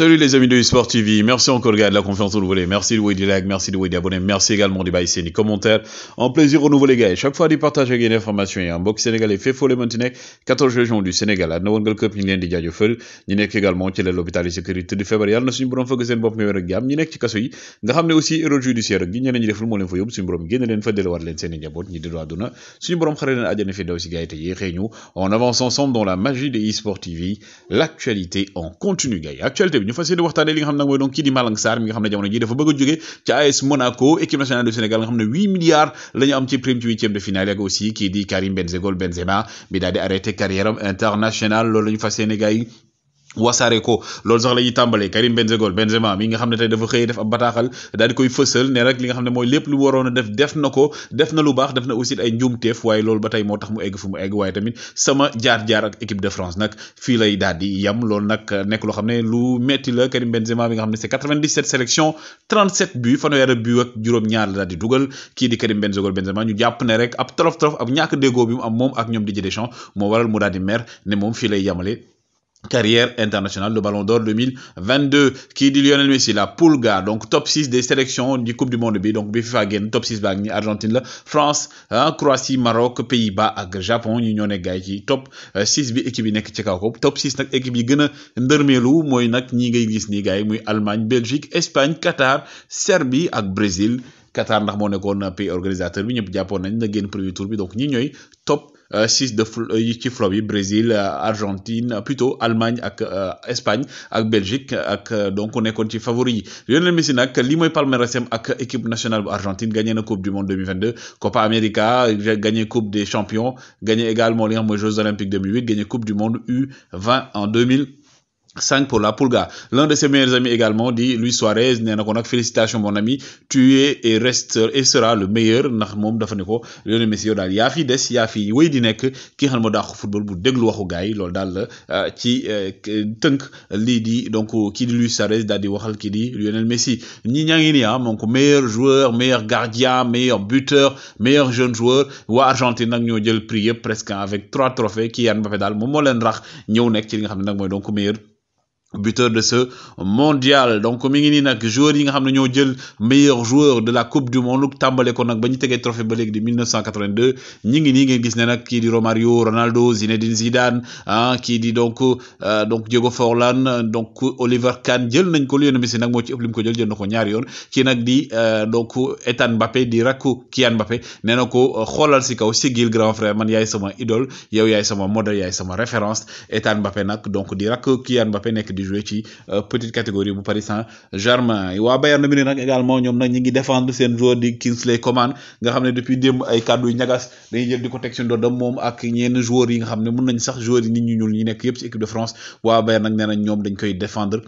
Salut les amis de eSport TV, merci encore les gars de la confiance que vous voulez, merci de vous aider, merci de vous des abonner, merci également de baisser les commentaires, en plaisir au nouveau les gars, et chaque fois de partager des informations, et un box sénégalais fait folle maintenant, 14 régions du Sénégal, à Nouvelle Cup, nous sommes déjà feu, nous sommes également l'hôpital de sécurité de février, nous sommes bon focus en bof nous sommes ci kasso yi, nga xamné aussi erreur judiciaire ak ñeneen ñi def lu mo leen fa yob suñu borom génn leen fa délé wat seen njabot ñi di do aduna, suñu borom xaré leen fi ci gaay ñu, on avance ensemble dans la magie de eSport TV, l'actualité en continu gars. actualité ñu fas yéene waxtaanee li nga xam nag mooy donc kii di Malang Sarr mi nga xam ne jamono ji dafa bëgg a jóge ci AS Monaco équipe nationale du Sénégal nga xam ne huit milliards la am ci prime ci huitième de finale ak aussi kii Karim Benzema Benzema bi daal di internationale loolu la ñu fas wasare ko loolu sax lañuy tambalé Karim Benzema Benzema mi nga xamné tay dafa xëy def ab bataxal dal di koy fësal ne rek li nga xamné moy lépp lu warona def def nako def na lu bax def na aussi ay njumtef waye loolu batay motax mu egg fu mu egg waye tamit sama jaar-jaar ak équipe de France nak fi lay daal di yam loolu nak nek lo xamné lu metti la Karim Benzema bi nga xamné c'est 97 sélection 37 buts fano yara buts ak juróom-ñaar la daal di dugal kii di Karim Benzema Benzema ñu jàpp ne rek ab trof trof ab ñaak dégo bi mu am mom ak ñom di Didier Deschamps mo waral mu daal di mer ne mom fi lay yamale carrière internationale, le Ballon d'Or 2022 kii di Lionel Messi la poule donc top 6 des sélections du Coupe du Monde bi donc bi FIFA génn top 6 baa ngi Argentine la France hein, Croatie Maroc Pays-Bas ak Japon ñu ñoo euh, nekk ci top 6 bi équipe bi nek ci kaw ko top 6 nak équipe yi gëna a moy nak ñi ngay gis ni gars muy Allemagne Belgique Espagne Qatar Serbie ak Brésil Qatar ndax mo nekkoon pays organisateur bi ñëpp japon nañ na gën premier tour bi donc ñi ñoy top euh, six de euh, yi Brésil euh, Argentine plutôt Allemagne ak Espagne ak Belgique ak donc on est favori favoris. Lionel Messi li équipe nationale Argentine gagné la coupe du monde 2022 Copa América gagné coupe des champions gagné également les nga Jeux olympiques 2008 gagné coupe du monde U20 en 2000 5 pour la Pulga. L'un de ses meilleurs amis également dit Luis Suarez nee ko félicitations mon ami tu es et reste et sera le meilleur ndax moom dafa ne Lionel Messi yow daal yaa fi des yaa fi wéy di nekk ki nga xam football bu déglu waxu gars d'Al qui daal la euh, ci euh, di donc kii di Luis Suarez daal di waxal kii di Lionel Messi ñi ñaa ah, donc meilleur joueur meilleur gardien meilleur buteur meilleur jeune joueur Ou Argentine nag ñoo jël prix presque avec trois trophées qui Mbappé le moom moo leen rax ñëw nekk ci li nga donc meilleur buteur de ce mondial donc mi ngi nii nag yi nga xam ñoo jël meilleur joueur de la coupe du monde tambalé ko nak ba ñu tegee trophée ba légui 1982 ñi ngi ni ngeen gis né nak ki di Romario Ronaldo Zinedine Zidane hein ah, ki di donc ah, donc Diego Forlan donc Oliver Kahn jël nañ ko Lionel Messi nak mo ci ëpp lim ko jël jël na ko ñaari yoon kii nak di ah, donc Ethan Mbappé di rakku Kian Mbappé né nako xolal ci kaw sigil grand frère man yaay sama idole yow yaay sama model yaay sama référence Ethan Mbappé nak donc di rakku kian Mbappé nek di jouer ci euh, petite catégorie bu Paris Saint-Germain wa Bayern Munich nak également ñom nak ñi ngi défendre sen joueur di Kingsley Coman nga xamné depuis démb ay cadeau yu ñagas dañuy jël diko tek ci ndo ndoddam mom ak ñenn joueur yi nga xamné ne mën nañ sax joueur yi nit ñu ñul ñi nek yépp ci équipe de France wa Bayern nak nee ñom dañ koy défendre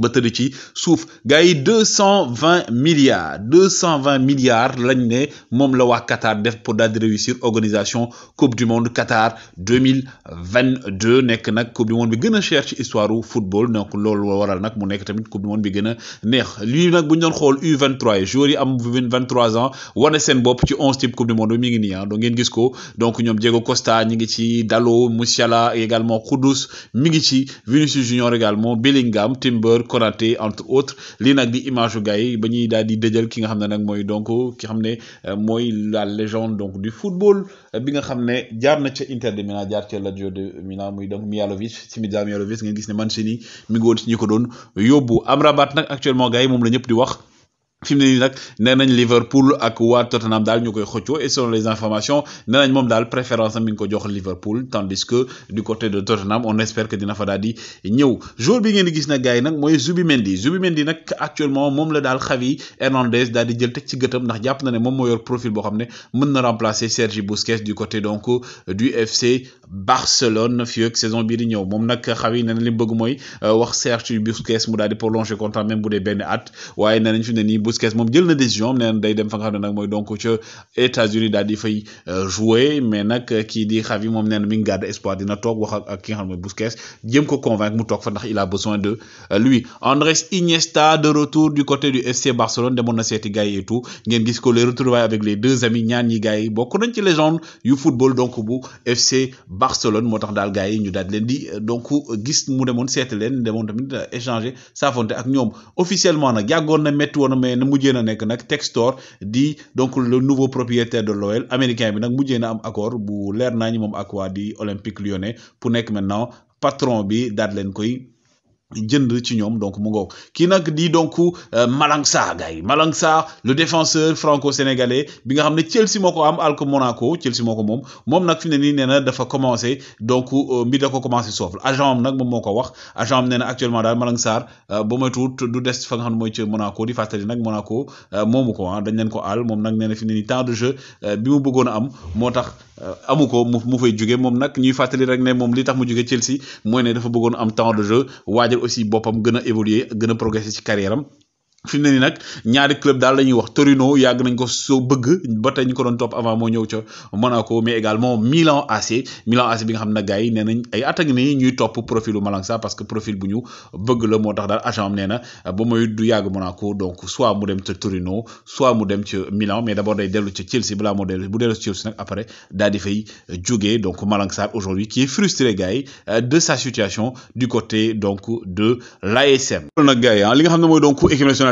ba tëdd ci suuf gars yi 220 milliards 220 milliards lañ ne moom la waa Qatar def pour daal réussir organisation coupe du monde Qatar 2022 coupe du monde bi gën a cher ci histoire football donc loolu waral nag mu nekk tamit coupe du monde bi gën a neex lii nag bu ñu doon xool U 23 trois joueurs yi am vingt ans wane seen bopp ci 11 type coupe du monde bi mi ngi nii ah donc ngeen gis ko donc ñoom Diego Costa ñi ngi ci Dalot Musiala également Koudous mi ngi ci Vinicius Junior également Bellingham Timber coraté entre autres li nak di image gay gars yi ba ñuy di dëjal ki nga xamné nak moy donc ki xamné euh, moy la légende donc du football euh, bi nga xamné jaar na ci Inter de Milan jaar ci Lazio de Milan muy donc ci Simica Mialovic ngeen gis ne Mancini mi ngi won ci ñi ko doon yóbbu Amrabat nak actuellement gay mom la ñëpp di wax fi mu ne nii Liverpool ak waa Tottenham dal ñu koy et selon les informations nenañ mom dal préférence mi ngi ko jox Liverpool tandis que du côté de Tottenham on espère que dina fa daal di ñëw Jour bi ngeen di gis nag gaay nak moy Zubimendi Zubimendi nak actuellement mom la dal Xavi Hernandez daal di jël tek ci gëteum ndax japp na né mom mo yor profil bo xamné mëna remplacer Sergi Busquets du côté donc du FC Barcelone fii ak saison bi di ñëw mom nak xawi nee na li bëgg moy euh, wax Serge Busquets mu daal di prolonger contrat même bu dee benn at waaye nee nañ fi ne Busquets mom jël na décision né na day dem fa nga xam ne nag donc ci États-Unis daal di fay euh, jouer mais nak ki di Xavi mom né na mi ngi garde espoir dina tok wax ak ki xam Busquets jëm ko convaincre mu tok fa ndax il a besoin de euh, lui Andrés Iniesta de retour du côté du FC Barcelone demon na séti gars et tout ngeen gis ko les retrouvailles avec les deux amis ñaan yi gay yi bokk nañ ci légende yu football donc bu FC Barcelone moo tax daal gars yi ñu daal leen di euh, donc euh, gis mu demoon seeti leen demoon tamit euh, échanger saafonte ak ñoom officiellement nag yàggoon na metti woon mais na mujjee na nekk nag Textor di donc le nouveau propriétaire de l'OL américain bi nak mujjee na am accord bu leer naa ñi moom ak waa di Olympique Lyonnais pour nekk maintenant patron bi daal leen koy jënd ci ñoom donc mu ngoog kii nag di donc euh, Malang Sarr gay yi Malang le défenseur franco-sénégalais bi nga xam ne Chelsea moo ko am alko Monaco Chelsea moo ko moom moom nag fi ne nii nee na dafa commencé donc euh, mbir da ko commencé soof agent am nag moom moo ko wax agent am nee na actuellement daal Malang sar euh, ba moytuwut du des fa nga xam ne mooy ci Monaco di fàttali nag Monaco moomu ko ah dañ leen ko àll moom nag nee na fi ne nii temps de jeu bi mu bëggoon am moo tax amu ko mu mu fay jóge moom nag ñuy fàttali rek ne moom li tax mu jóge Chelsea mooy ne dafa bëggoon am temps de jeu waajal aussi boppam gën a évoluer gën a ci carrière am fi mu ne nii nag ñaari club daal la ñuy wax Torino yàgg nañ ko soo bëgg ba tey ñu ko doon topp avant moo ñëw ca Monaco mais également Milan AC Milan AC bi nga xam ne gars yi nee nañ ay at ak nii ñuy topp profilu Malangsa parce que profil bu ñu bëgg la moo tax daal agent am nee na ba muy du yàgg Monaco donc soit mu dem ca Torino soit mu dem ca Milan mais d' abord day dellu ca Chelsea balaa moo dellu bu dellu ca Chelsea nag après daal di fay jógee donc Malangsa aujourd'hui qui est frustré gars yi de sa situation du côté donc de l'ASM. loolu nag gars yi ah, li nga xam ne mooy donc équipe nationale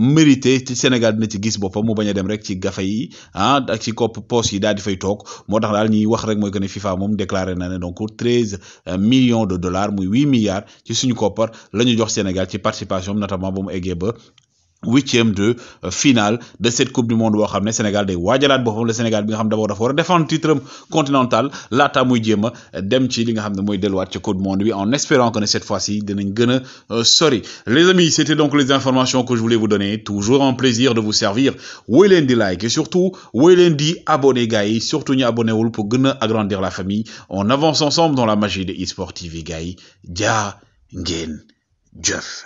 mérité ci Sénégal dina ci gis boppam mu bañ a dem rek ci gafa yi ah ci kopp poche yi daal di fay toog moo tax daal ñuy wax rek mooy que ne FIFA moom déclaré na ne donc treize euh, million de dollars muy huit milliards ci suñu koppar la ñu jox Sénégal ci participation notamment ba mu eggee ba huitième de euh, finale de cette coupe du monde boo Sénégal day Wajalat, le Sénégal bi nga titre continental Lata muy dem ci li nga en espérant que cette fois-ci on gën euh, les amis c'était donc les informations que je voulais vous donner toujours un plaisir de vous servir woy like et surtout woy leen di abonné surtout ñu abonné pour agrandir la famille on avance ensemble dans la magie de eSport TV Dja yi jaa